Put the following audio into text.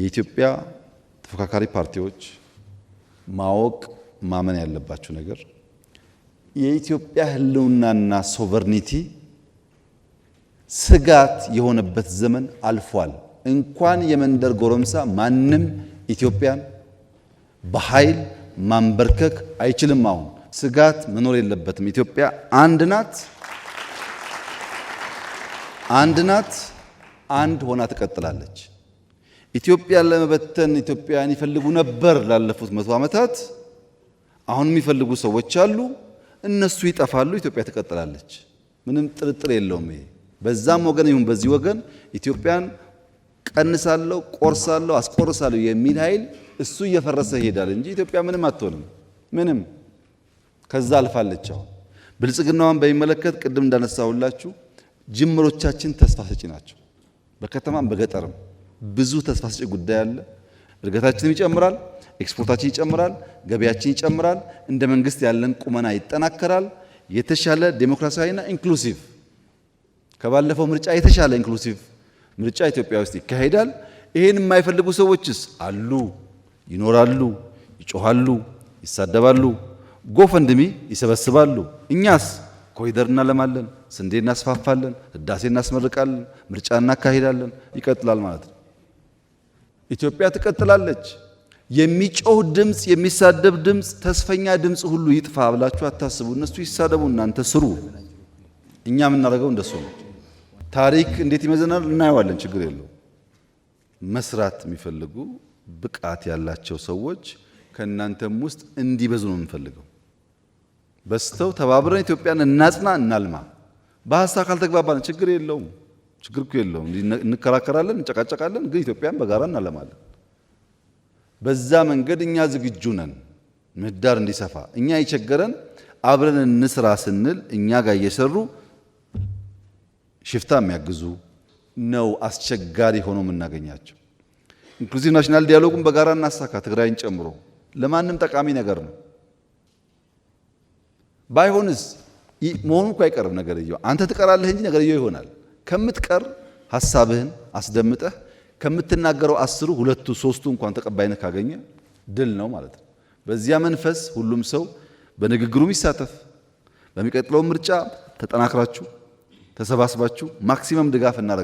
የኢትዮጵያ ተፎካካሪ ፓርቲዎች ማወቅ ማመን ያለባቸው ነገር የኢትዮጵያ ሕልውናና ሶቨርኒቲ ስጋት የሆነበት ዘመን አልፏል። እንኳን የመንደር ጎረምሳ ማንም ኢትዮጵያን በኃይል ማንበርከክ አይችልም። አሁን ስጋት መኖር የለበትም። ኢትዮጵያ አንድ ናት፣ አንድ ናት፣ አንድ ሆና ትቀጥላለች። ኢትዮጵያን ለመበተን ኢትዮጵያን ይፈልጉ ነበር ላለፉት መቶ ዓመታት። አሁን የሚፈልጉ ሰዎች አሉ። እነሱ ይጠፋሉ፣ ኢትዮጵያ ትቀጥላለች። ምንም ጥርጥር የለውም። ይሄ በዛም ወገን ይሁን በዚህ ወገን ኢትዮጵያን ቀንሳለሁ፣ ቆርሳለሁ፣ አስቆርሳለሁ የሚል ኃይል እሱ እየፈረሰ ይሄዳል እንጂ ኢትዮጵያ ምንም አትሆንም። ምንም ከዛ አልፋለች። አሁን ብልጽግናዋን በሚመለከት ቅድም እንዳነሳሁላችሁ ጅምሮቻችን ተስፋ ሰጪ ናቸው፣ በከተማም በገጠርም ብዙ ተስፋ ሰጪ ጉዳይ አለ። እድገታችንም ይጨምራል፣ ኤክስፖርታችን ይጨምራል፣ ገበያችን ይጨምራል። እንደ መንግስት ያለን ቁመና ይጠናከራል። የተሻለ ዴሞክራሲያዊና ኢንክሉሲቭ ከባለፈው ምርጫ የተሻለ ኢንክሉሲቭ ምርጫ ኢትዮጵያ ውስጥ ይካሄዳል። ይሄን የማይፈልጉ ሰዎችስ አሉ፣ ይኖራሉ፣ ይጮሃሉ፣ ይሳደባሉ፣ ጎፈንድሚ ይሰበስባሉ። እኛስ ኮሪደር እናለማለን፣ ስንዴ እናስፋፋለን፣ ህዳሴ እናስመርቃለን፣ ምርጫ እናካሄዳለን ይቀጥላል ማለት ነው። ኢትዮጵያ ትቀጥላለች። የሚጮህ ድምፅ፣ የሚሳደብ ድምፅ፣ ተስፈኛ ድምፅ ሁሉ ይጥፋ ብላችሁ አታስቡ። እነሱ ይሳደቡ፣ እናንተ ስሩ። እኛ የምናደርገው እንደሱ ነው። ታሪክ እንዴት ይመዘናል እናየዋለን። ችግር የለው። መስራት የሚፈልጉ ብቃት ያላቸው ሰዎች ከእናንተም ውስጥ እንዲበዙ ነው የምንፈልገው። በስተው ተባብረን ኢትዮጵያን እናጽና፣ እናልማ። በሀሳብ ካልተግባባን ችግር የለውም። ችግር እኮ የለውም። እንከራከራለን፣ እንጨቃጨቃለን፣ ግን ኢትዮጵያን በጋራ እናለማለን። በዛ መንገድ እኛ ዝግጁ ነን። ምህዳር እንዲሰፋ እኛ የቸገረን አብረን እንስራ ስንል እኛ ጋር እየሰሩ ሽፍታ የሚያግዙ ነው አስቸጋሪ ሆኖ የምናገኛቸው። ኢንክሉዚቭ ናሽናል ዲያሎጉን በጋራ እናሳካ፣ ትግራይን ጨምሮ ለማንም ጠቃሚ ነገር ነው። ባይሆንስ መሆኑ እኮ አይቀርም ነገርየው። አንተ ትቀራለህ እንጂ ነገርየው ይሆናል። ከምትቀር ሀሳብህን አስደምጠህ ከምትናገረው አስሩ ሁለቱ ሶስቱ እንኳን ተቀባይነት ካገኘ ድል ነው ማለት ነው። በዚያ መንፈስ ሁሉም ሰው በንግግሩ ይሳተፍ። በሚቀጥለው ምርጫ ተጠናክራችሁ ተሰባስባችሁ ማክሲመም ድጋፍ እናደርጋለን።